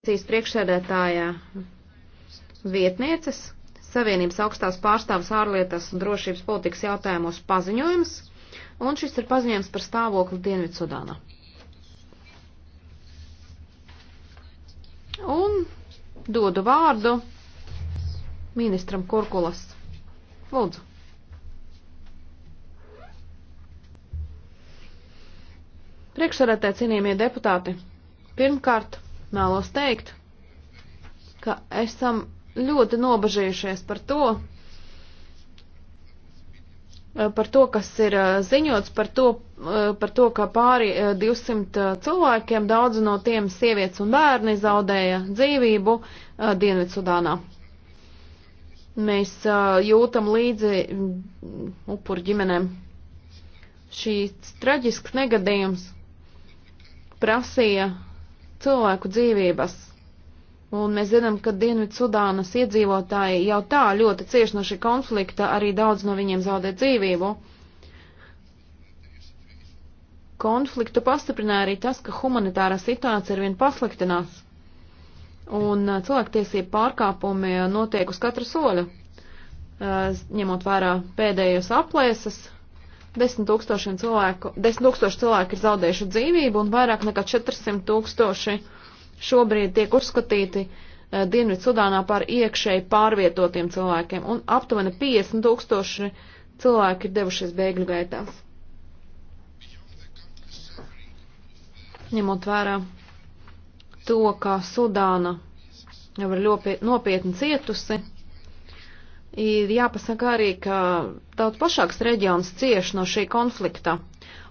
Komisijas priekšsēdētāja vietnieces Savienības augstās pārstāvs ārlietas un drošības politikas jautājumos paziņojums, un šis ir paziņojums par stāvokli Dienvidsudānā. Un dodu vārdu ministram Kurkulas. Lūdzu. Priekšsēdētāji, cienījamie deputāti, pirmkārt. Mēlos teikt, ka esam ļoti nobažījušies par to, eh, par to, kas ir eh, ziņots, par to, eh, par to ka pāri 200 cilvēkiem, daudz no tiem sievietes un bērni zaudēja dzīvību Dienvidsudānā. Mēs jūtam līdzi mm, upuru ģimenēm. Šīs traģisks negadījums prasīja cilvēku dzīvības. Un mēs zinām, ka Dienvidu Sudānas iedzīvotāji jau tā ļoti cieši no šī konflikta, arī daudz no viņiem zaudē dzīvību. Konfliktu pastiprināja arī tas, ka humanitārā situācija arvien pasliktinās. Un uh, cilvēktiesību pārkāpumi uh, notiek uz katra soļa, uh, ņemot vērā pēdējos aplēses, 10 tūkstošiem cilvēku, 10 tūkstoši cilvēku ir zaudējuši dzīvību un vairāk nekā 400 tūkstoši šobrīd tiek uzskatīti uh, Dienvidu Sudānā par iekšēji pārvietotiem cilvēkiem un aptuveni 50 tūkstoši cilvēki ir devušies bēgļu gaitās. Ņemot vērā to, ka Sudāna jau ir ļopie, nopietni cietusi, ir jāpasaka arī, ka daudz plašāks reģions cieš no šī konflikta.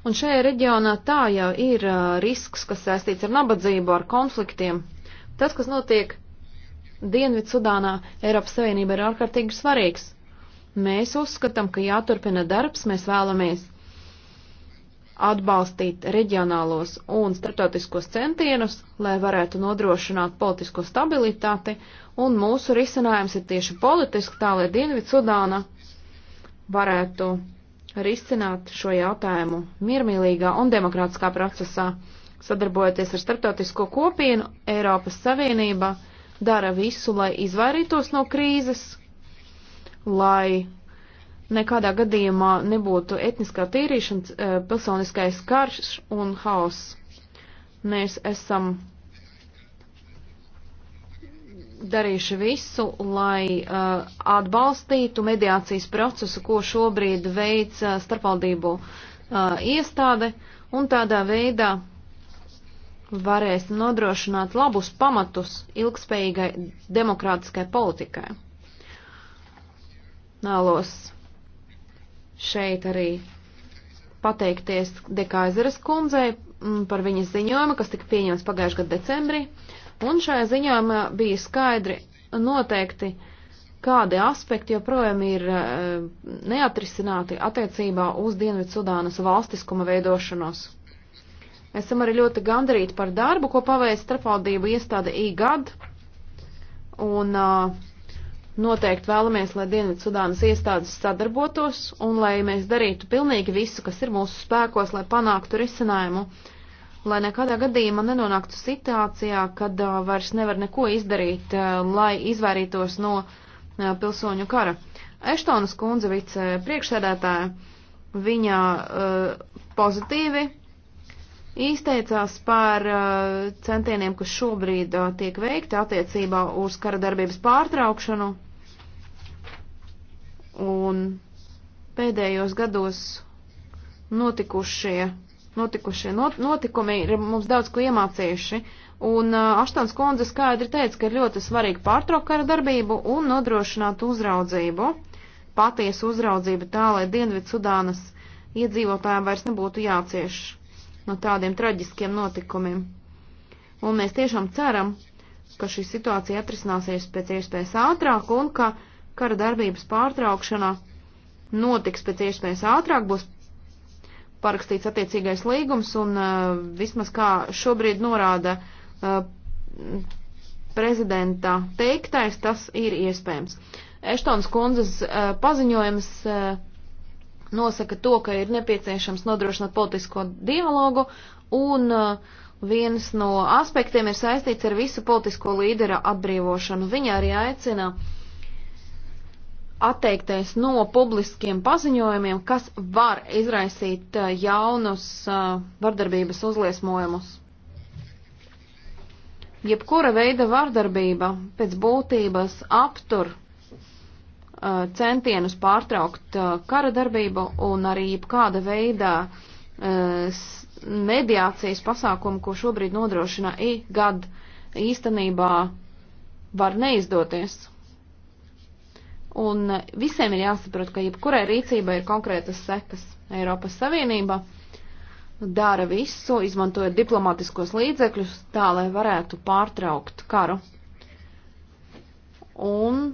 Un šajā reģionā tā jau ir risks, kas saistīts ar nabadzību, ar konfliktiem. Tas, kas notiek Dienvidsudānā, Eiropas Savienība ir ārkārtīgi svarīgs. Mēs uzskatām, ka jāturpina darbs, mēs vēlamies atbalstīt reģionālos un starptautiskos centienus, lai varētu nodrošināt politisko stabilitāti, un mūsu risinājums ir tieši politiski tā, lai Dienvidsudāna varētu risināt šo jautājumu miermīlīgā un demokrātiskā procesā. Sadarbojoties ar starptautisko kopienu, Eiropas Savienība dara visu, lai izvairītos no krīzes, lai nekādā gadījumā nebūtu etniskā tīrīšana, eh, pilsoniskais karš un haoss. Mēs esam darījuši visu, lai uh, atbalstītu mediācijas procesu, ko šobrīd veic uh, starpvaldību uh, iestāde, un tādā veidā varēs nodrošināt labus pamatus ilgspējīgai demokrātiskai politikai. Nālos šeit arī pateikties Dekaizeres kundzei mm, par viņas ziņojumu, kas tika pieņemts pagājušajā gadā decembrī. Un šajā ziņojumā bija skaidri noteikti, kādi aspekti joprojām ir eh, neatrisināti attiecībā uz Dienvidsudānas valstiskuma veidošanos. Esam arī ļoti gandrīti par darbu, ko paveic starpvaldību iestāde IGAD. Un uh, Noteikti vēlamies, lai Dienvidsudānas iestādes sadarbotos un lai mēs darītu pilnīgi visu, kas ir mūsu spēkos, lai panāktu risinājumu, lai nekādā gadījumā nenonāktu situācijā, kad uh, vairs nevar neko izdarīt, uh, lai izvairītos no uh, pilsoņu kara. Eštonas kundze vice priekšsēdētāja, viņa uh, pozitīvi izteicās par uh, centieniem, kas šobrīd uh, tiek veikti attiecībā uz kara darbības pārtraukšanu un pēdējos gados notikušie, notikušie not, notikumi ir mums daudz ko iemācījuši, un uh, Aštons kundze skaidri teica, ka ir ļoti svarīgi pārtraukt kara darbību un nodrošināt uzraudzību, patiesu uzraudzību tā, lai Dienvidu Sudānas iedzīvotājiem vairs nebūtu jācieš no tādiem traģiskiem notikumiem. Un mēs tiešām ceram, ka šī situācija atrisināsies pēc iespējas ātrāk un ka uh, kara darbības pārtraukšanā notiks pēc iespējas ātrāk, būs parakstīts attiecīgais līgums un uh, vismaz kā šobrīd norāda uh, prezidenta teiktais, tas ir iespējams. Eštons kundzes uh, paziņojums uh, nosaka to, ka ir nepieciešams nodrošināt politisko dialogu un uh, viens no aspektiem ir saistīts ar visu politisko līdera atbrīvošanu. Viņa arī aicina uh, atteikties no publiskiem paziņojumiem, kas var izraisīt eh, jaunus eh, vardarbības uzliesmojumus. Jebkura veida vardarbība pēc būtības aptur eh, centienus pārtraukt kara darbību un arī jebkāda veida mediācijas pasākumu, ko šobrīd nodrošina IGAD, īstenībā var neizdoties. Un visiem ir jāsaprot, ka jebkurai rīcībai ir konkrētas sekas. Eiropas Savienība dara visu, izmantojot diplomatiskos līdzekļus, tā lai varētu pārtraukt karu. Un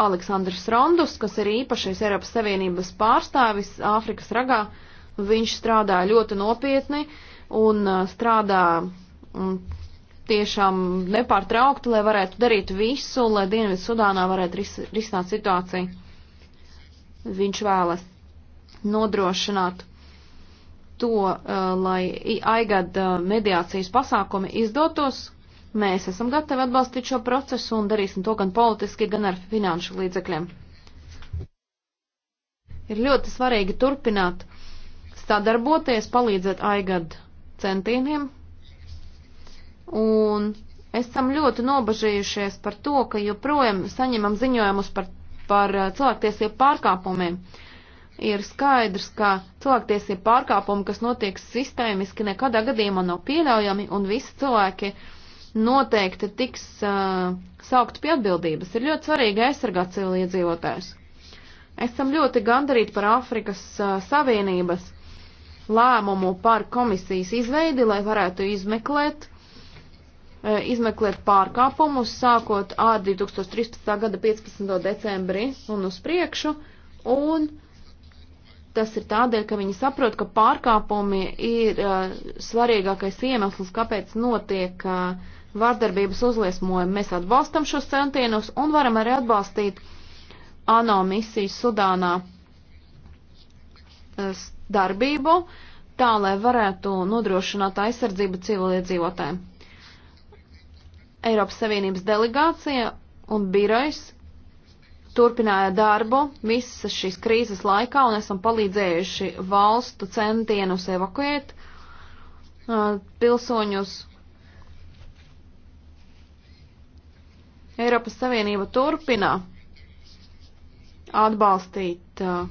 Aleksandrs Rondus, kas ir īpašais Eiropas Savienības pārstāvis Āfrikas ragā, viņš strādā ļoti nopietni un strādā tiešām nepārtraukti, lai varētu darīt visu, lai Dienvidu Sudānā varētu ris risināt situāciju. Viņš vēlas nodrošināt to, uh, lai aigad uh, mediācijas pasākumi izdotos. Mēs esam gatavi atbalstīt šo procesu un darīsim to gan politiski, gan ar finanšu līdzekļiem. Ir ļoti svarīgi turpināt sadarboties, palīdzēt aigad centieniem un esam ļoti nobažījušies par to, ka joprojām saņemam ziņojumus par, par uh, cilvēktiesību pārkāpumiem. Ir skaidrs, ka cilvēktiesību pārkāpumi, kas notiek sistēmiski, nekādā gadījumā nav pieļaujami, un visi cilvēki noteikti tiks uh, saukt pie atbildības. Ir ļoti svarīgi aizsargāt civiliedzīvotājus. Esam ļoti gandarīti par Āfrikas uh, Savienības lēmumu par komisijas izveidi, lai varētu izmeklēt Eh, izmeklēt pārkāpumus, sākot ar 2013. gada 15. decembri un uz priekšu, un tas ir tādēļ, ka viņi saprot, ka pārkāpumi ir uh, svarīgākais iemesls, kāpēc notiek uh, eh, vārdarbības uzliesmojumi. Mēs atbalstam šos centienus un varam arī atbalstīt ANO misijas Sudānā uh, darbību, tā lai varētu nodrošināt aizsardzību civiliedzīvotājiem. Eiropas Savienības delegācija un birojs turpināja darbu visas šīs krīzes laikā un esam palīdzējuši valstu centienus evakuēt uh, pilsoņus. Eiropas Savienība turpina atbalstīt uh,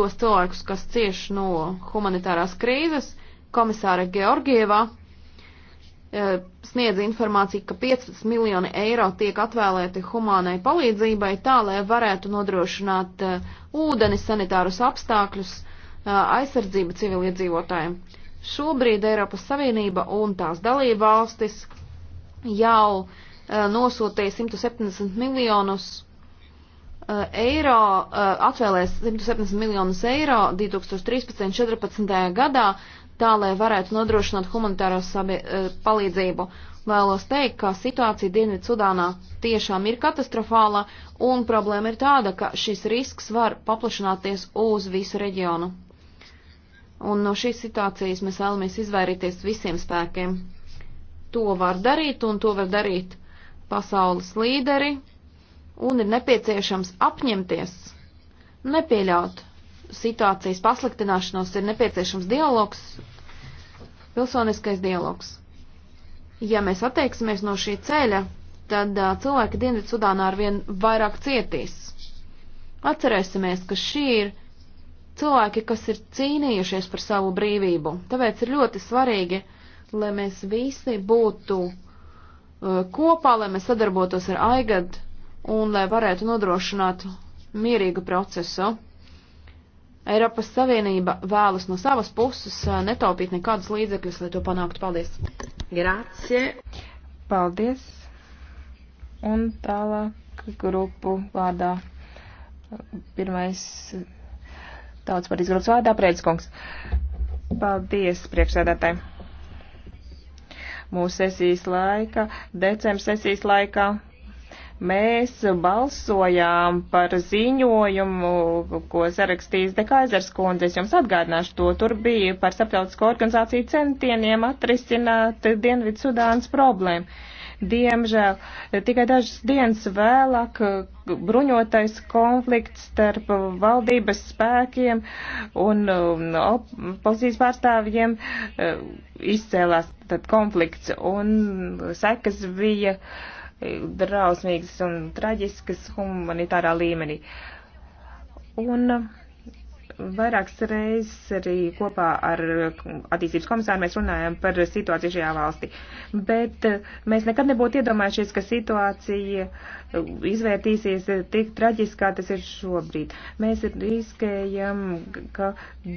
tos cilvēkus, kas cieš no humanitārās krīzes. Komisāra Georgieva E, sniedz informāciju, ka 15 miljoni eiro tiek atvēlēti humānai palīdzībai tā, lai varētu nodrošināt e, ūdeni, sanitārus apstākļus, e, aizsardzību civiliedzīvotājiem. Šobrīd Eiropas Savienība un tās dalība valstis jau nosūtīja 170 miljonus eiro, atvēlēs 170 miljonus eiro 2013. un 2014. gadā, tā, lai varētu nodrošināt humanitāro sabie, palīdzību. Vēlos teikt, ka situācija Dienvidsudānā tiešām ir katastrofāla, un problēma ir tāda, ka šis risks var paplašināties uz visu reģionu. Un no šīs situācijas mēs vēlamies izvairīties visiem spēkiem. To var darīt, un to var darīt pasaules līderi, un ir nepieciešams apņemties, nepieļaut situācijas pasliktināšanos ir nepieciešams dialogs pilsoniskais dialogs. Ja mēs atteiksimies no šī ceļa, tad uh, cilvēki Dienvidsudānā arvien vairāk cietīs. Atcerēsimies, ka šī ir cilvēki, kas ir cīnījušies par savu brīvību. Tāpēc ir ļoti svarīgi, lai mēs visi būtu uh, kopā, lai mēs sadarbotos ar AIGAD un lai varētu nodrošināt mierīgu procesu. Eiropas Savienība vēlas no savas puses eh, netaupīt nekādus līdzekļus, lai to panāktu. Paldies! Grācie! Paldies! Un tālāk grupu vārdā. Pirmais tautas partijas grupas vārdā Prēdiskungs. Paldies priekšsēdētājiem! Mūsu sesijas laika, decembra sesijas laikā Mēs balsojām par ziņojumu, ko sarakstīs Dekaizers kundze. Es jums atgādināšu to. Tur bija par starptautisko organizāciju centieniem atrisināt Dienvidu Sudānas problēmu. Diemžēl tikai dažas dienas vēlāk bruņotais konflikts starp valdības spēkiem un um, opozīcijas pārstāvjiem uh, izcēlās tad konflikts un sekas bija. Uh, drausmīgas un traģiskas humanitārā līmenī. Un Vairākas reizes arī kopā ar attīstības komisāru mēs runājam par situāciju šajā valstī, bet eh, mēs nekad nebūtu iedomājušies, ka situācija eh, izvērtīsies tik traģiski, kā tas ir šobrīd. Mēs riskējam, ka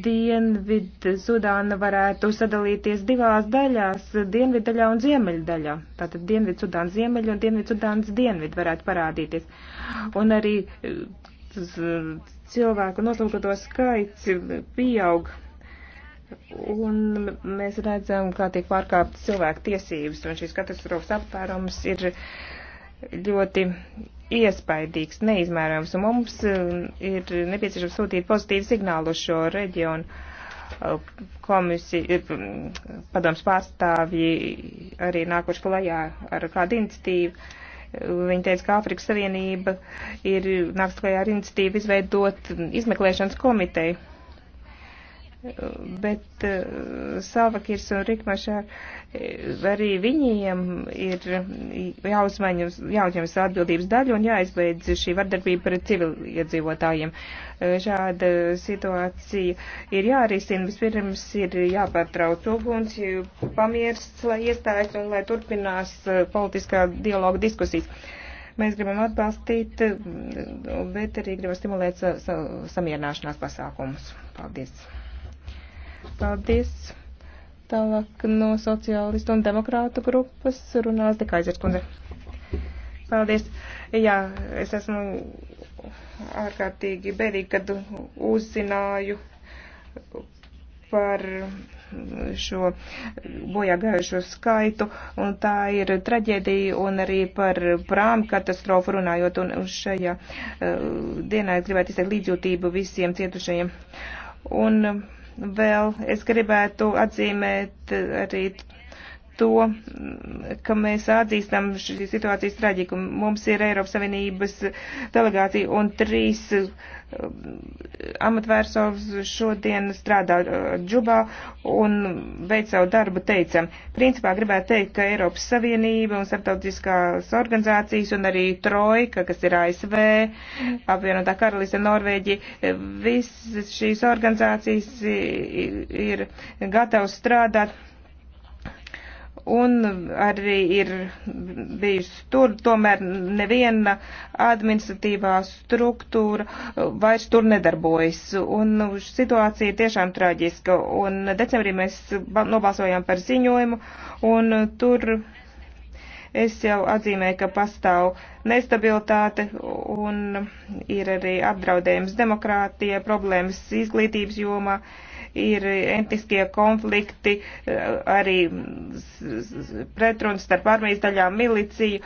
Dienvid Sudāna varētu sadalīties divās daļās - Dienvid daļā un Ziemeļ daļā. Tātad Dienvid Sudāna Ziemeļ un Dienvid Sudānas Dienvid varētu parādīties. Un arī eh, Eh, cilvēku noslūgto skaits pieaug. Un mēs redzam, kā tiek pārkāptas cilvēku tiesības, un šīs katastrofas aptvērums ir ļoti iespaidīgs, neizmērojams, un mums eh, ir nepieciešams sūtīt pozitīvu signālu uz šo reģionu eh, komisiju, padoms pārstāvji arī nākuši klajā ar kādu iniciatīvu Viņa teica, ka Āfrikas Savienība ir nāks klajā ar iniciatīvu izveidot izmeklēšanas komiteju bet eh, Salvakirs un Rikmašā eh, arī viņiem ir jāuzņemas atbildības daļa un jāizbeidz šī vardarbība pret civiliedzīvotājiem. Eh, šāda situācija ir jārisina. Vispirms ir jāpārtrauc uguns, pamiers, lai iestājas un lai turpinās politiskā dialoga diskusijas. Mēs gribam atbalstīt, bet arī gribam stimulēt sa sa samierināšanās pasākumus. Paldies! Paldies. Tālāk no sociālistu un demokrātu grupas runās Dekaizers kundze. Paldies. Jā, es esmu ārkārtīgi bēdīgi, kad uzzināju par šo bojāgājušo skaitu, un tā ir traģēdija, un arī par prāmu katastrofu runājot, un šajā uh, dienā es gribētu izteikt līdzjūtību visiem cietušajiem. Un, uh, Vēl es gribētu atzīmēt arī to, mm, ka mēs atzīstam šīs situācijas traģikumu. Mums ir Eiropas Savienības delegācija un trīs mm, amatvērsovs šodien strādā mm, džubā un veic savu darbu teicam. Principā gribētu teikt, ka Eiropas Savienība un starptautiskās organizācijas un arī Trojka, kas ir ASV, apvienotā karaliste Norvēģija, visas šīs organizācijas ir gatavas strādāt un arī ir bijusi tur, tomēr neviena administratīvā struktūra vairs tur nedarbojas. Un situācija ir tiešām traģiska. Un decembrī mēs nobalsojām par ziņojumu, un tur es jau atzīmēju, ka pastāv nestabilitāte un ir arī apdraudējums demokrātie, problēmas izglītības jomā. Uh, ir entiskie konflikti, eh, arī pretruns starp armijas daļām miliciju.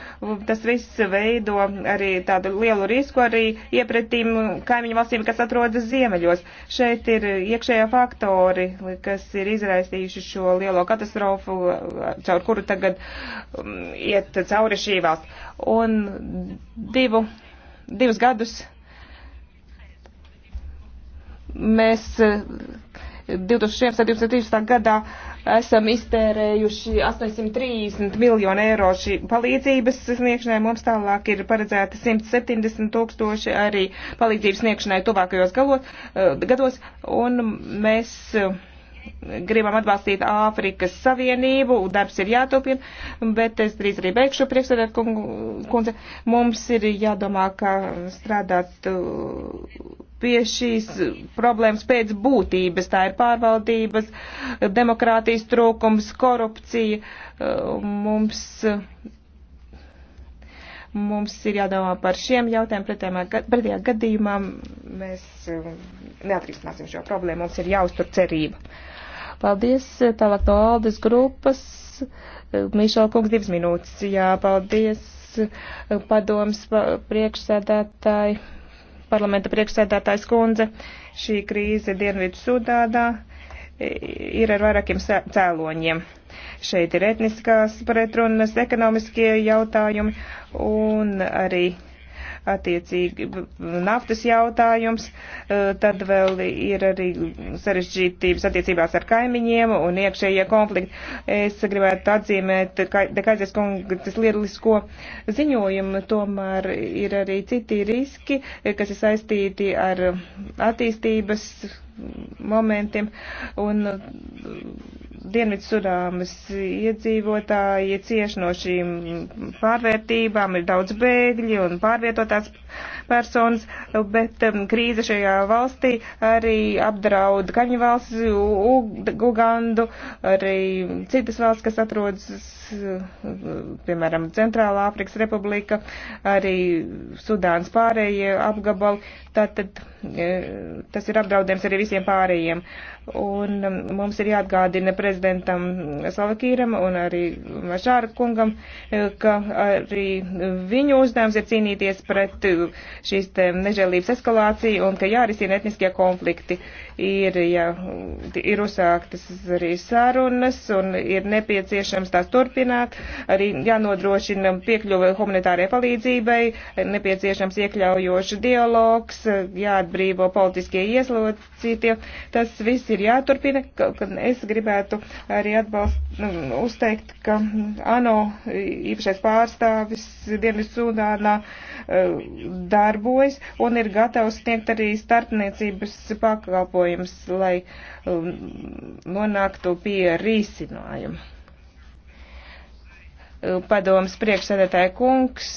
Tas viss veido arī tādu lielu risku arī iepretīm kaimiņu valstīm, kas atrodas ziemeļos. Šeit ir iekšējā faktori, kas ir izraisījuši šo lielo katastrofu, caur kuru tagad mm, iet cauri šī valsts. Un divu, divus gadus mēs 2017. gadā esam iztērējuši 830 miljonu eiro šī palīdzības sniegšanai. Mums tālāk ir paredzēta 170 tūkstoši arī palīdzības sniegšanai tuvākajos galot, eh, gados. Un mēs eh, gribam atbalstīt Āfrikas Savienību, darbs ir jāturpina, bet es drīz arī beigšu priekšsēdēt kundze. Mums ir jādomā, kā strādāt eh, pie šīs problēmas pēc būtības. Tā ir pārvaldības, demokrātijas trūkums, korupcija. Uh, mums, uh, mums ir jādomā par šiem jautājumiem. Pretējā gadījumā mēs uh, neatrisināsim šo problēmu. Mums ir jāuztur cerība. Paldies. Tālāk no Aldes grupas. Mīšo kungs divas minūtes. Jā, paldies. Padoms priekšsēdētāji parlamenta priekšsēdētājs kundze. Šī krīze Dienvidu Sudādā e, ir ar vairākiem cēloņiem. Šeit ir etniskās pretrunas, ekonomiskie jautājumi un arī attiecīgi naftas jautājums, e, tad vēl ir arī sarežģītības attiecībās ar kaimiņiem un iekšējie konflikti. Es gribētu atzīmēt, ka Kaisers kungas lielisko ziņojumu, tomēr ir arī citi riski, kas ir saistīti ar attīstības momentiem. Un, Dienvidsudāmas iedzīvotāji cieši no šīm pārvērtībām, ir daudz bēgļi un pārvietotās personas, bet um, krīze šajā valstī arī apdraud Kaņu valsts, Ugandu, arī citas valsts, kas atrodas, uh, piemēram, Centrālā Afrikas Republika, arī Sudāns pārējie apgabali. Tātad uh, tas ir apdraudējums arī visiem pārējiem. Un um, mums ir jāatgādina pret prezidentam Slovakīram un arī Mažāra kungam, eh, ka arī viņu uzdevums ir cīnīties pret eh, šīs nežēlības eskalāciju un ka jārisina etniskie konflikti. Ir, ja, ir uzsāktas arī sarunas un ir nepieciešams tās turpināt, arī jānodrošina piekļuve humanitārai palīdzībai, nepieciešams iekļaujošs dialogs, jāatbrīvo politiskie ieslodzītie. Tas viss ir jāturpina. Es gribētu arī atbalst, nu, uzteikt, ka ANO īpašais pārstāvis Dienvidu Sudānā e, darbojas un ir gatavs sniegt arī starpniecības pakalpojums, lai e, nonāktu pie risinājuma. E, padomas priekšsēdētāja kungs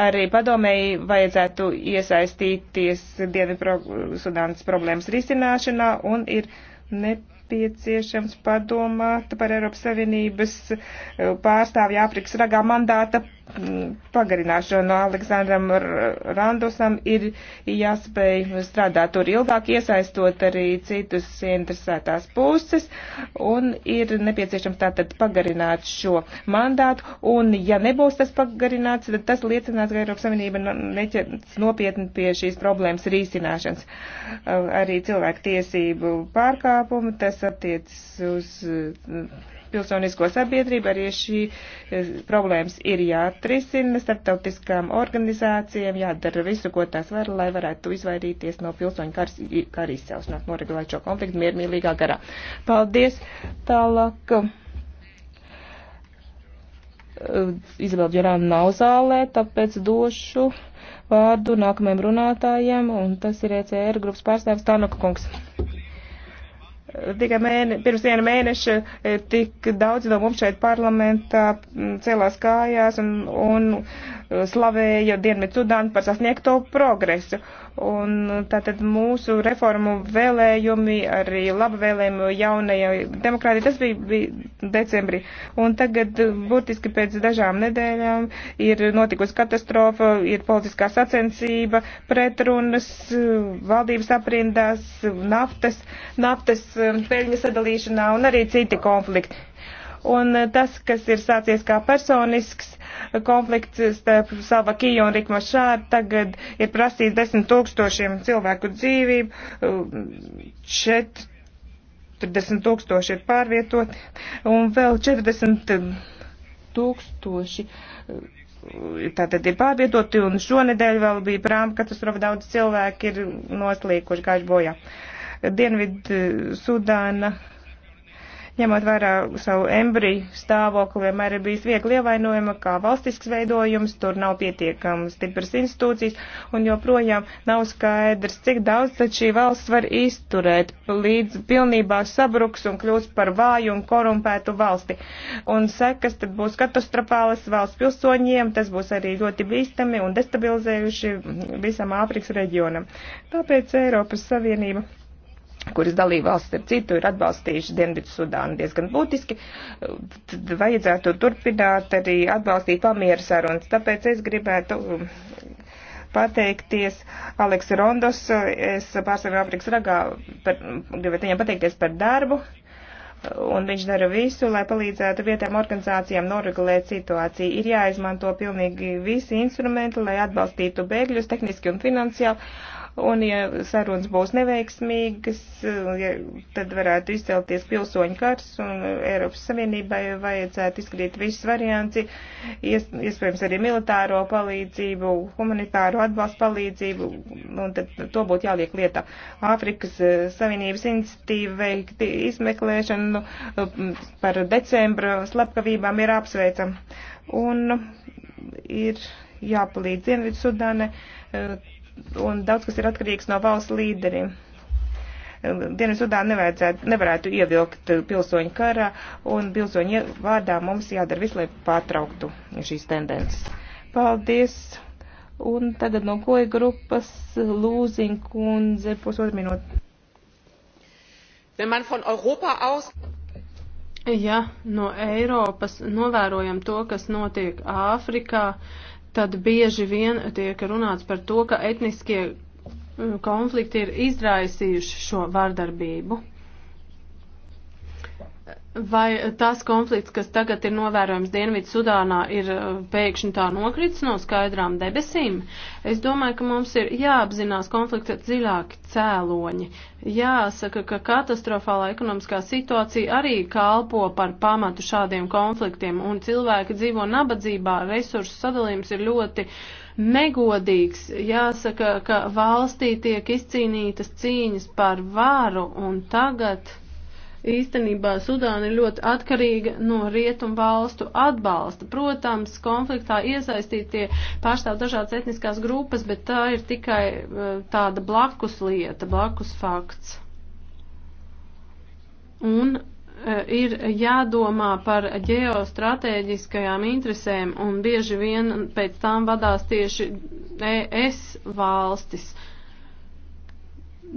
arī padomēji vajadzētu iesaistīties Dienvidu Sudānas problēmas risināšanā un ir nepieciešams nepieciešams padomāt par Eiropas Savienības eh, pārstāvju Āfrikas ragā mandāta pagarināšanu Aleksandram Randusam ir jāspēj strādāt tur ilgāk, iesaistot arī citus interesētās puses, un ir nepieciešams tātad pagarināt šo mandātu, un ja nebūs tas pagarināts, tad tas liecinās, ka Eiropas Savienība neķers nopietni pie šīs problēmas risināšanas. Arī cilvēku tiesību pārkāpumu tas attiecas uz pilsonisko sabiedrību. Arī šī e, problēmas ir jāatrisina starptautiskām organizācijām, jādara visu, ko tās var, lai varētu izvairīties no pilsoņu karas, kara izcelšanās, noregulēt šo konfliktu miermīlīgā garā. Paldies! Tālāk. E, Izabela Džerāna nav zālē, tāpēc došu vārdu nākamajam runātājiem, un tas ir ECR grupas pārstāvis Tanaka kungs. Tikai mēne, pirms viena mēneša e, tik daudz no mums šeit parlamentā celās kājās un, un slavēja Dienvidzudānu par sasniegto progresu. Un tātad mūsu reformu vēlējumi, arī labvēlējumi jaunajai demokrātijai, tas bija, bija decembrī. Un tagad burtiski pēc dažām nedēļām ir notikusi katastrofa, ir politiskā sacensība, pretrunas, valdības aprindās, naftas, naftas um, peļņas sadalīšanā un arī citi konflikti Un eh, tas, kas ir sācies kā personisks eh, konflikts starp Salvakiju un Rikmo Šāru, tagad ir prasījis desmit tūkstošiem cilvēku dzīvību, četrdesmit eh, tūkstoši ir pārvietoti, un vēl četrdesmit tūkstoši tātad ir pārvietoti, un šonedēļ vēl bija prāma katastrofa, daudz cilvēki ir noslīkuši gājuši bojā. Dienvid Sudāna ņemot vērā savu embriju stāvokli, vienmēr ir bijis viegli ievainojama kā valstisks veidojums, tur nav pietiekams stipras institūcijas, un joprojām nav skaidrs, cik daudz tad šī valsts var izturēt, līdz pilnībā sabruks un kļūs par vāju un korumpētu valsti. Un sekas tad būs katastrofālas valsts pilsoņiem, tas būs arī ļoti bīstami un destabilizējuši visam Āfrikas reģionam. Tāpēc Eiropas Savienība kuras dalībvalsts ar citu ir atbalstījuši Dienvidu Sudānu diezgan būtiski, tad vajadzētu turpināt arī atbalstīt pamieru sarunas. Tāpēc es gribētu um, pateikties Aleks Rondos, es pārstāvu Afrikas ragā, par, gribētu viņam pateikties par darbu, un viņš dara visu, lai palīdzētu vietām organizācijām noregulēt situāciju. Ir jāizmanto pilnīgi visi instrumenti, lai atbalstītu bēgļus tehniski un finansiāli un ja sarunas būs neveiksmīgas, tad varētu izcelties pilsoņu kars, un Eiropas Savienībai vajadzētu izskatīt visas varianti, iespējams arī militāro palīdzību, humanitāro atbalstu palīdzību, un tad to būtu jāliek lietā. Āfrikas eh, Savienības iniciatīva veikti izmeklēšanu eh, par decembra slepkavībām ir apsveicama. Un ir jāpalīdz Dienvidu Sudāne eh, un daudz kas ir atkarīgs no valsts līderiem. Dienvidsudāna nevajadzētu, nevarētu ievilkt pilsoņu karā, un pilsoņu vārdā mums jādara viss, lai pārtrauktu šīs tendences. Paldies! Un tagad no koja grupas Lūziņa kundze pusotru minūti. Wenn man von Europa aus Ja no Eiropas novērojam to, kas notiek Āfrikā, tad bieži vien tiek runāts par to, ka etniskie mm, konflikti ir izraisījuši šo vardarbību. Vai tas konflikts, kas tagad ir novērojams Dienvidu Sudānā, ir uh, pēkšņi tā nokritis no skaidrām debesīm? Es domāju, ka mums ir jāapzinās konflikta dziļāki cēloņi. Jāsaka, ka katastrofālā ekonomiskā situācija arī kalpo par pamatu šādiem konfliktiem, un cilvēki dzīvo nabadzībā, resursu sadalījums ir ļoti negodīgs. Jāsaka, ka valstī tiek izcīnītas cīņas par varu, un tagad Īstenībā Sudāna ir ļoti atkarīga no rietumu valstu atbalsta. Protams, konfliktā iesaistītie pārstāv dažādas etniskās grupas, bet tā ir tikai eh, tāda blakus lieta, blakus fakts. Un eh, ir jādomā par ģeostrateģiskajām interesēm, un bieži vien pēc tām vadās tieši ES valstis. Uh,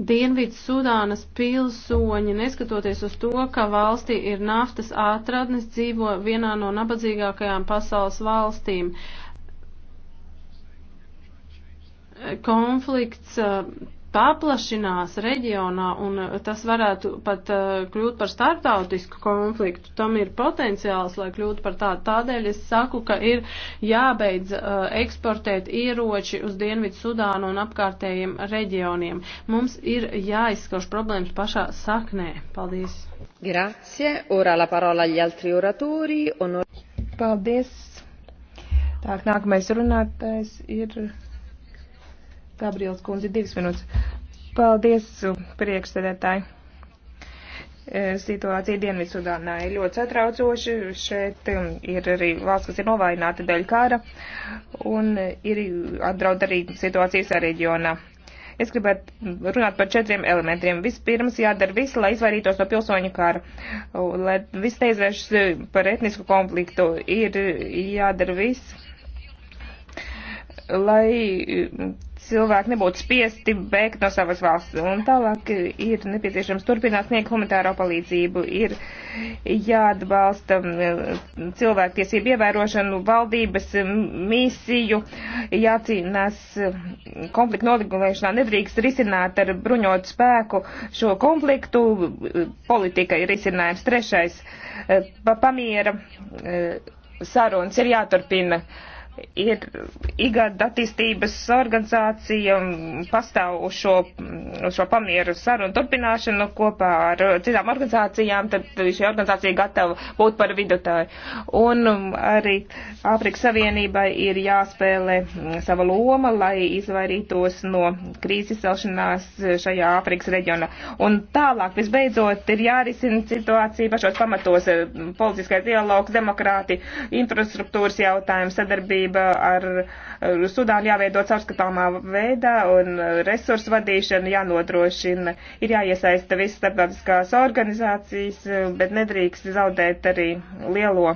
Dienvidu Sudānas pilsoņi, neskatoties uz to, ka valstī ir naftas atradnes, dzīvo vienā no nabadzīgākajām pasaules valstīm. Konflikts eh, paplašinās reģionā un eh, tas varētu pat uh, kļūt par startautisku konfliktu. Tam ir potenciāls, lai kļūtu par tādu. Tādēļ es saku, ka ir jābeidz uh, eksportēt ieroči uz Dienvidu Sudānu un apkārtējiem reģioniem. Mums ir jāizskauž problēmas pašā saknē. Paldies. Grazie. Ora la parola agli altri oratori. Onor... Paldies. Tā, nākamais runātājs ir Gabriels kundze, divas minūtes. Paldies, priekšsēdētāji. E, situācija Dienvidsudānā ir ļoti satraucoša. Šeit um, ir arī valsts, kas ir novājināta dēļ kara, un ir apdraud arī situācijas reģionā. Es gribētu runāt par četriem elementiem. Vispirms jādara viss, lai izvairītos no pilsoņu kara, lai viss neizvēršas par etnisku konfliktu. Ir jādara viss, lai cilvēki nebūtu spiesti bēgt no savas valsts. Un tālāk ir nepieciešams turpināt sniegt humanitāro palīdzību, ir jāatbalsta mm, cilvēktiesību ievērošanu, valdības mm, misiju, jācīnās mm, konfliktu noregulēšanā, nedrīkst risināt ar bruņotu spēku šo konfliktu, politika ir risinājums trešais, pa pamiera sarunas ir jāturpina ir IGAD attīstības organizācija pastāv uz šo, uz šo pamieru sarunu turpināšanu kopā ar citām organizācijām, tad šī organizācija gatava būt par vidutāju. Un um, arī Āfrikas Savienībai ir jāspēlē mm, sava loma, lai izvairītos no krīzes celšanās šajā Āfrikas reģionā. Un tālāk, visbeidzot, ir jārisina situācija pašos pamatos eh, - politiskais dialogs, demokrāti, infrastruktūras jautājums, sadarbība sadarbība ar Sudānu jāveido caurskatāmā veidā un resursu vadīšana jānodrošina. Ir jāiesaista visas starptautiskās organizācijas, bet nedrīkst zaudēt arī lielo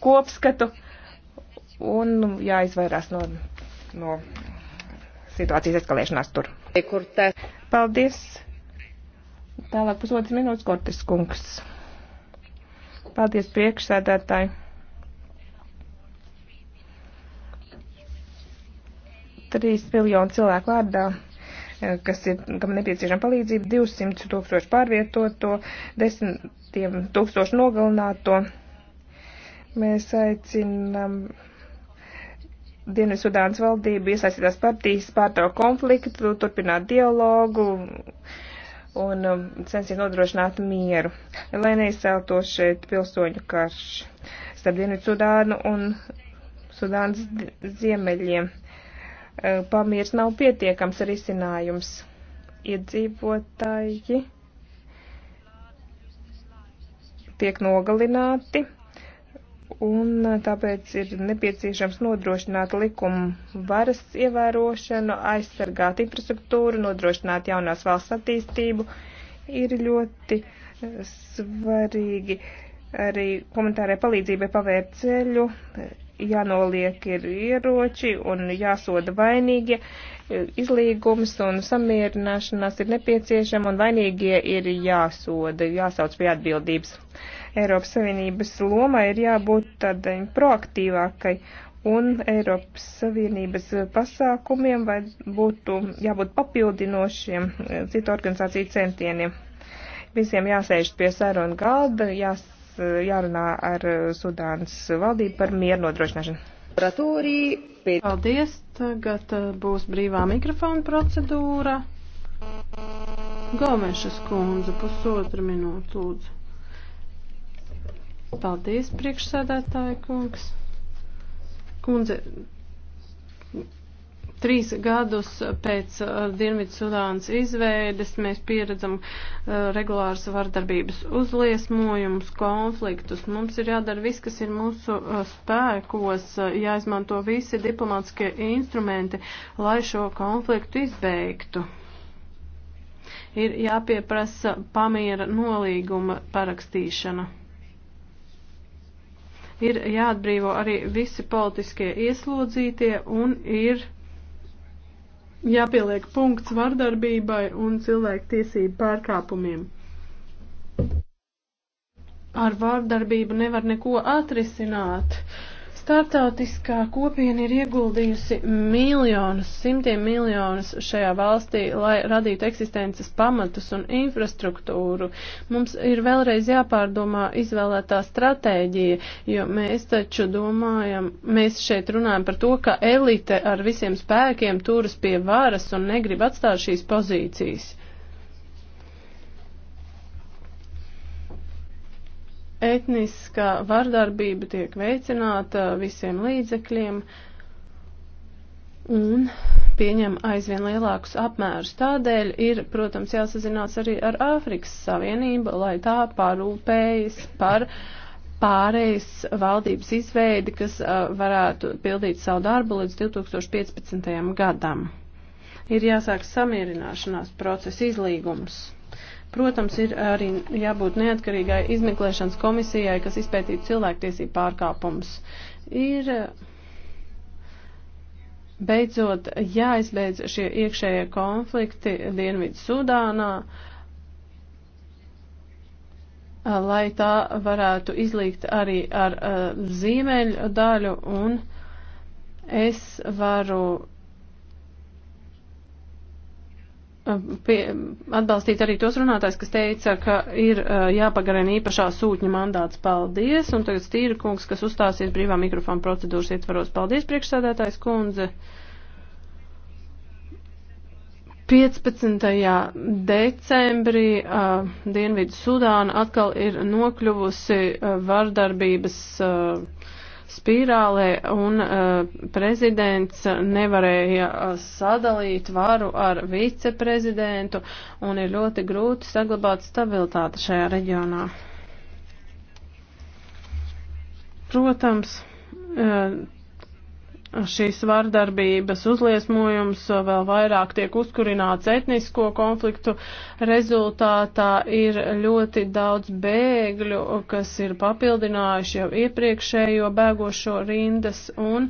kopskatu un jāizvairās no, no situācijas eskalēšanās tur. Paldies! Tālāk pusotras minūtes, Kortis kungs. Paldies priekšsēdētāji. 3 miljonu cilvēku vārdā eh, kas ir, kam nepieciešama palīdzība, 200 tūkstoši pārvietoto, 10 tūkstoši nogalināto. Mēs aicinām Dienvidsudānas valdību iesaistītās partijas pārtraukt konfliktu, turpināt dialogu un um, censties nodrošināt mieru, lai neizceltos šeit pilsoņu karš starp Dienvidsudānu un Sudānas ziemeļiem. Eh, pamiers nav pietiekams risinājums. Iedzīvotāji tiek nogalināti, un eh, tāpēc ir nepieciešams nodrošināt likumu varas ievērošanu, aizsargāt infrastruktūru, nodrošināt jaunās valsts attīstību. Ir ļoti eh, svarīgi arī komentārai palīdzībai pavērt ceļu jānoliek ir ieroči un jāsoda vainīgie. Izlīgums un samierināšanās ir nepieciešama un vainīgie ir jāsoda, jāsauc pie atbildības. Eiropas Savienības loma ir jābūt tādai proaktīvākai un Eiropas Savienības pasākumiem vai būtu jābūt papildinošiem citu organizāciju centieniem. Visiem jāsēž pie sarunu galda, jās, jārunā ar Sudānas valdību par mieru nodrošināšanu. Paldies, tagad uh, būs brīvā mikrofona procedūra. Gomešas kundze, pusotra minūte, lūdzu. Paldies, priekšsēdētāja kungs. Kundze, Trīs gadus pēc uh, Dienvidu Sudānas izveides mēs pieredzam uh, regulāras vardarbības uzliesmojumus, konfliktus. Mums ir jādara viss, kas ir mūsu uh, spēkos, jāizmanto visi diplomātskie instrumenti, lai šo konfliktu izbeigtu ir jāpieprasa pamiera nolīguma parakstīšana. Ir jāatbrīvo arī visi politiskie ieslodzītie un ir jāpieliek punkts vardarbībai un cilvēku tiesību pārkāpumiem. Ar vārdarbību nevar neko atrisināt. Uh, Startautiskā kopiena ir ieguldījusi miljonus, simtiem miljonus šajā valstī, lai radītu eksistences pamatus un infrastruktūru. Mums ir vēlreiz jāpārdomā izvēlētā stratēģija, jo mēs taču domājam, mēs šeit runājam par to, ka elite ar visiem spēkiem turas pie varas un negrib atstāt šīs pozīcijas. etniskā vardarbība tiek veicināta visiem līdzekļiem un pieņem aizvien lielākus apmērus. Tādēļ ir, protams, jāsazinās arī ar Āfrikas Savienību, lai tā parūpējas par pārējas valdības izveidi, kas uh, varētu pildīt savu darbu līdz 2015. gadam. Ir jāsāk samierināšanās procesa izlīgums. Protams, ir arī jābūt neatkarīgai izmeklēšanas komisijai, kas izpētītu cilvēktiesību pārkāpumus. Ir eh, beidzot jāizbeidz šie iekšējie konflikti Dienvidu Sudānā eh, lai tā varētu izlīgt arī ar uh, eh, zīmeļu daļu, un es varu pie, atbalstīt arī tos runātājs, kas teica, ka ir uh, jāpagarina īpašā sūtņa mandāts. Paldies! Un tagad Stīra kungs, kas uzstāsies brīvā mikrofona procedūras ietvaros. Paldies, priekšsēdētājs kundze! 15. decembrī uh, Dienvidu Sudāna atkal ir nokļuvusi uh, vardarbības. Uh, spirālē un uh, prezidents nevarēja uh, sadalīt varu ar viceprezidentu un ir ļoti grūti saglabāt stabilitāti šajā reģionā. Protams, uh, šīs vardarbības uzliesmojums vēl vairāk tiek uzkurināts etnisko konfliktu rezultātā ir ļoti daudz bēgļu, kas ir papildinājuši jau iepriekšējo bēgošo rindas un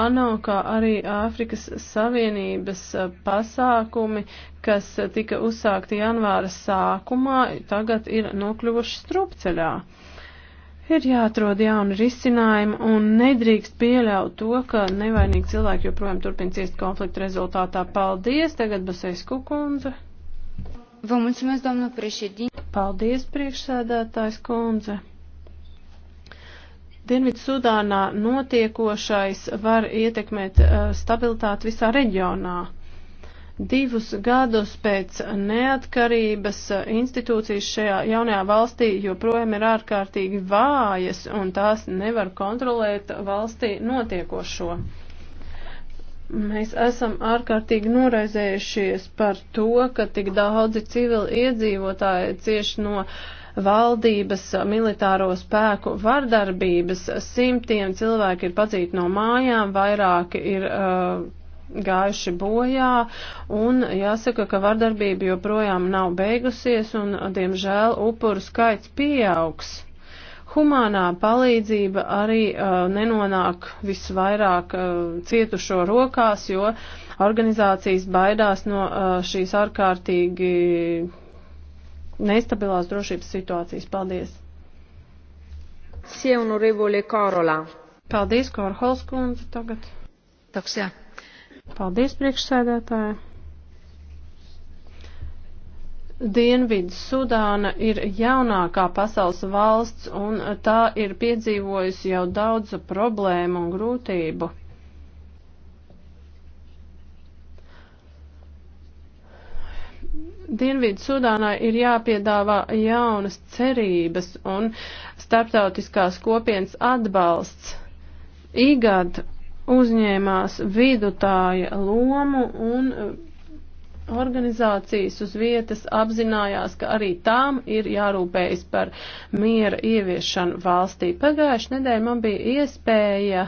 ANO, kā arī Āfrikas Savienības pasākumi, kas tika uzsākti janvāra sākumā, tagad ir nokļuvuši strupceļā. Ir jāatrod jauni risinājumi un nedrīkst pieļaut to, ka nevainīgi cilvēki joprojām turpina ciest konfliktu rezultātā. Paldies, tagad Basēsku kundze. Vă mulțumesc, doamnă președinte. Paldies, priekšsēdētājs kundze. Dienvidsudānā notiekošais var ietekmēt eh, stabilitāti visā reģionā. Divus gadus pēc neatkarības institūcijas šajā jaunajā valstī joprojām ir ārkārtīgi vājas un tās nevar kontrolēt valstī notiekošo. Mēs esam ārkārtīgi noraizējušies par to, ka tik daudzi civili iedzīvotāji cieši no valdības militāro spēku vardarbības. Simtiem cilvēki ir padzīti no mājām, vairāki ir. Uh, gājuši bojā, un jāsaka, ka vardarbība joprojām nav beigusies, un, diemžēl, upuru skaits pieaugs. Humānā palīdzība arī uh, nenonāk visvairāk uh, cietušo rokās, jo organizācijas baidās no uh, šīs ārkārtīgi nestabilās drošības situācijas. Paldies! Paldies, Korholskundze, tagad. Taks, jā. Paldies, priekšsēdētāji! Dienvidu Sudāna ir jaunākā pasaules valsts, un tā ir piedzīvojusi jau daudz problēmu un grūtību. Dienvidu Sudānai ir jāpiedāvā jaunas cerības un starptautiskās kopienas atbalsts. IGAD uzņēmās vidutāja lomu un eh, organizācijas uz vietas apzinājās, ka arī tām ir jārūpējas par miera ieviešanu valstī. Pagājuši nedēļ man bija iespēja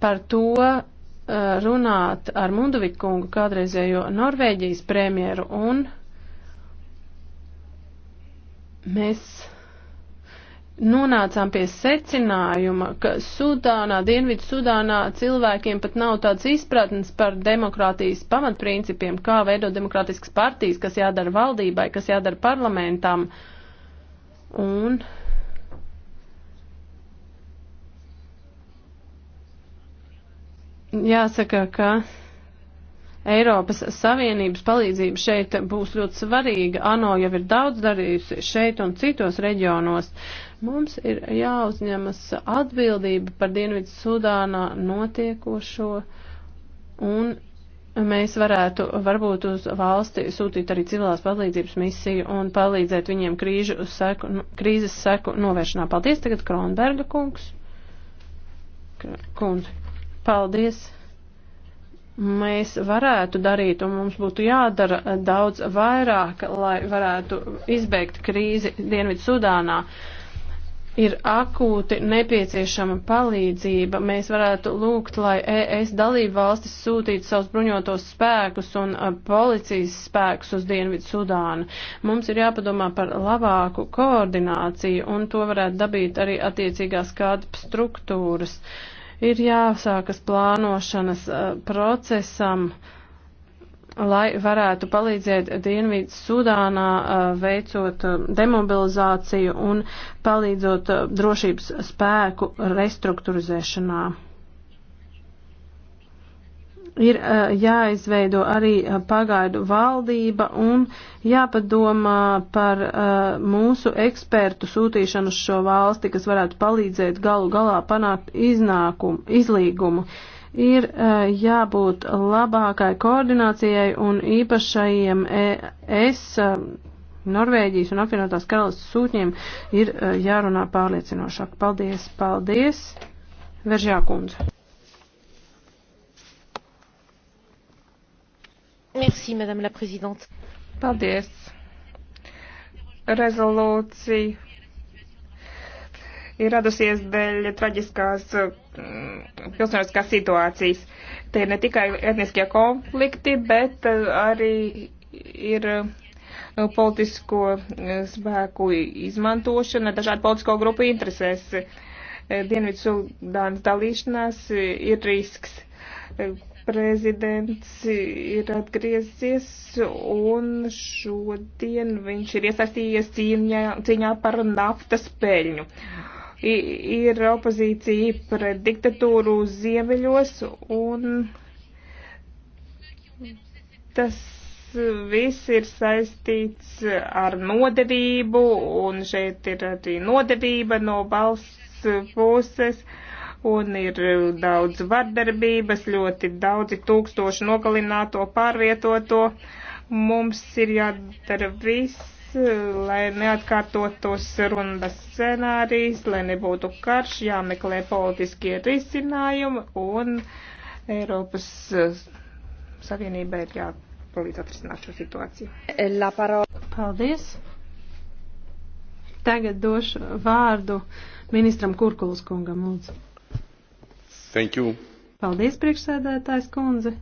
par to eh, runāt ar Munduvikungu, kādreizējo Norvēģijas premjeru, un mēs nonācām pie secinājuma, ka Sudānā, Dienvidu Sudānā cilvēkiem pat nav tāds izpratnes par demokrātijas pamatprincipiem, kā veidot demokrātiskas partijas, kas jādara valdībai, kas jādara parlamentam. Un jāsaka, ka. Eiropas Savienības palīdzība šeit būs ļoti svarīga. ANO jau ir daudz darījusi šeit un citos reģionos. Uh, Mums ir jāuzņemas atbildība par Dienvidu Sudānā notiekošo un mēs varētu varbūt uz valsti sūtīt arī civilās palīdzības misiju un palīdzēt viņiem krīžu seku, nu, krīzes seku novēršanā. Paldies tagad Kronberga kungs. Kundze. Paldies. Mēs varētu darīt un mums būtu jādara daudz vairāk, lai varētu izbeigt krīzi Dienvidu Sudānā. Uh, ir akūti nepieciešama palīdzība. Mēs varētu lūgt, lai ES dalību valstis sūtītu savus bruņotos spēkus un uh, policijas spēkus uz Dienvidu Sudānu. Mums ir jāpadomā par labāku koordināciju, un to varētu dabīt arī attiecīgās kādu struktūras. Ir jāsākas plānošanas uh, procesam. Uh, lai varētu palīdzēt Dienvidu Sudānā, veicot demobilizāciju un palīdzot drošības spēku restruktūrizēšanā. Ir jāizveido arī pagaidu valdība un jāpadomā par mūsu ekspertu sūtīšanu uz šo valsti, kas varētu palīdzēt galu galā panākt iznākumu, izlīgumu. Uh, ir eh, jābūt labākai koordinācijai un īpašajiem e- ES, eh, Norvēģijas un apvienotās karalistas sūtņiem ir eh, jārunā pārliecinošāk. Paldies, paldies, Veržjā kundze. Merci, Madame la Présidente. Paldies. Rezolūcija ir radusies dēļ traģiskās mm, pilsoniskās situācijas. Te ir ne tikai etniskie konflikti, bet eh, arī ir eh, politisko eh, spēku izmantošana dažādu politisko grupu interesēs. Dienvidu Sudānas dalīšanās ir risks. Prezidents ir atgriezies un šodien viņš ir iesaistījies cīņā, cīņā par naftas peļņu. Uh, ir opozīcija pret diktatūru ziemeļos, un tas viss ir saistīts ar noderību, un šeit ir arī noderība no balsts puses, un ir daudz vardarbības, ļoti daudzi tūkstoši nogalināto, pārvietoto. Mums ir jādara viss lai neatkārtotos runas scenārijs, lai nebūtu karš, jāmeklē politiskie risinājumi un Eiropas eh, Savienībai ir jāpalīdz atrisināt šo situāciju. Paldies! Tagad došu vārdu ministram Kurkulas kungam, lūdzu. Thank you. Paldies, priekšsēdētājs kundze.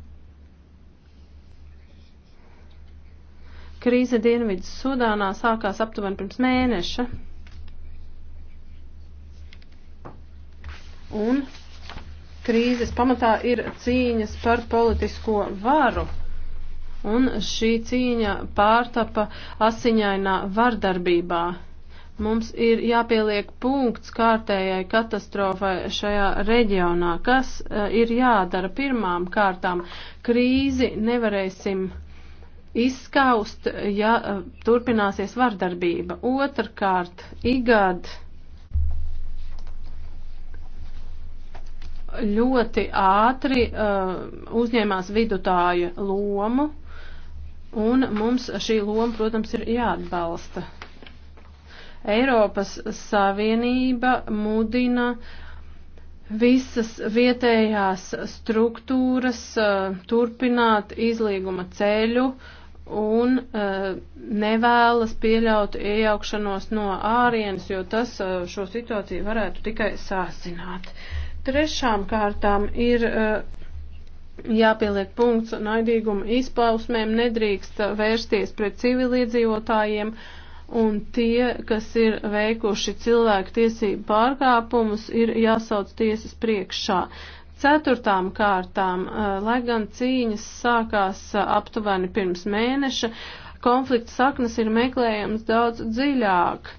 Krīze Dienvidas Sudānā sākās aptuveni pirms mēneša. Un krīzes pamatā ir cīņas par politisko varu. Un šī cīņa pārtapa asiņainā vardarbībā. Mums ir jāpieliek punkts kārtējai katastrofai šajā reģionā. Kas eh, ir jādara pirmām kārtām? Krīzi nevarēsim izskaust, ja e, turpināsies vardarbība. Otrkārt, igad ļoti ātri uh, uzņēmās vidutāja lomu, un mums šī loma, protams, ir jāatbalsta. Eiropas Savienība mudina uh, visas vietējās struktūras uh, turpināt izlīguma ceļu un uh, nevēlas pieļaut iejaukšanos no ārienes, jo tas uh, šo situāciju varētu tikai sāsināt. Trešām kārtām ir uh, jāpieliek punkts naidīguma izpausmēm, nedrīkst vērsties pret civiliedzīvotājiem. Uh, un tie, kas ir veikuši cilvēku tiesību pārkāpumus, ir jāsauc tiesas priekšā. Ceturtām kārtām, eh, lai gan cīņas sākās eh, aptuveni pirms mēneša, konflikta saknes ir meklējams daudz dziļāk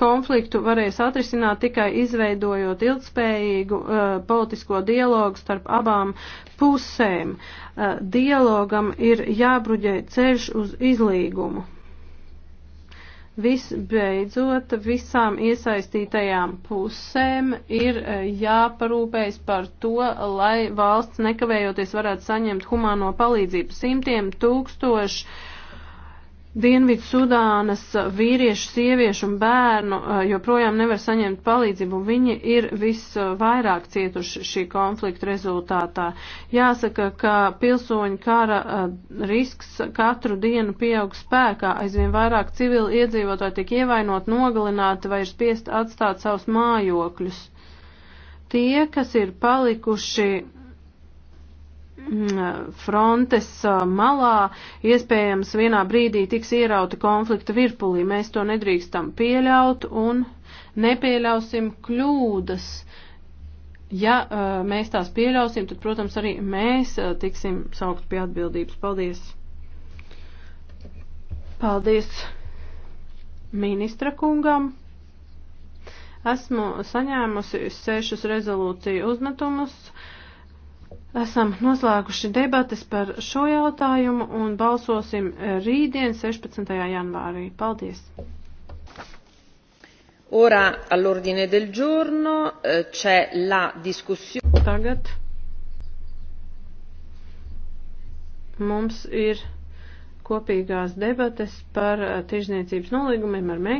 konfliktu varēs atrisināt tikai izveidojot ilgspējīgu uh, politisko dialogu starp abām pusēm. Uh, dialogam ir jābruģē ceļš uz izlīgumu. Visbeidzot, visām iesaistītajām pusēm ir e, jāparūpējas par to, lai valsts nekavējoties varētu saņemt humāno palīdzību. Simtiem tūkstoši Dienvidu Sudānas vīriešu, sieviešu un bērnu eh, joprojām nevar saņemt palīdzību, un viņi ir visvairāk cietuši šī konflikta rezultātā. Jāsaka, ka pilsoņu kara eh, risks katru dienu pieaug spēkā, aizvien vairāk civili iedzīvotāji tiek ievainot, nogalināti vai ir spiest atstāt savus mājokļus. Tie, kas ir palikuši Mm, frontes uh, malā, iespējams, vienā brīdī tiks ierauti konflikta virpulī. Mēs to nedrīkstam pieļaut un nepieļausim kļūdas. Ja uh, mēs tās pieļausim, tad, protams, arī mēs uh, tiksim saukt pie atbildības. Paldies! Paldies ministra kungam! Esmu saņēmusi sešus rezolūciju uzmetumus. Uh, Esam noslēguši debates par šo jautājumu un balsosim rītdien 16. janvārī. Paldies! Ora all'ordine del giorno eh, c'è la discussione. Tagad mums ir kopīgās debates par eh, tiešniecības nolīgumiem ar Meksiku.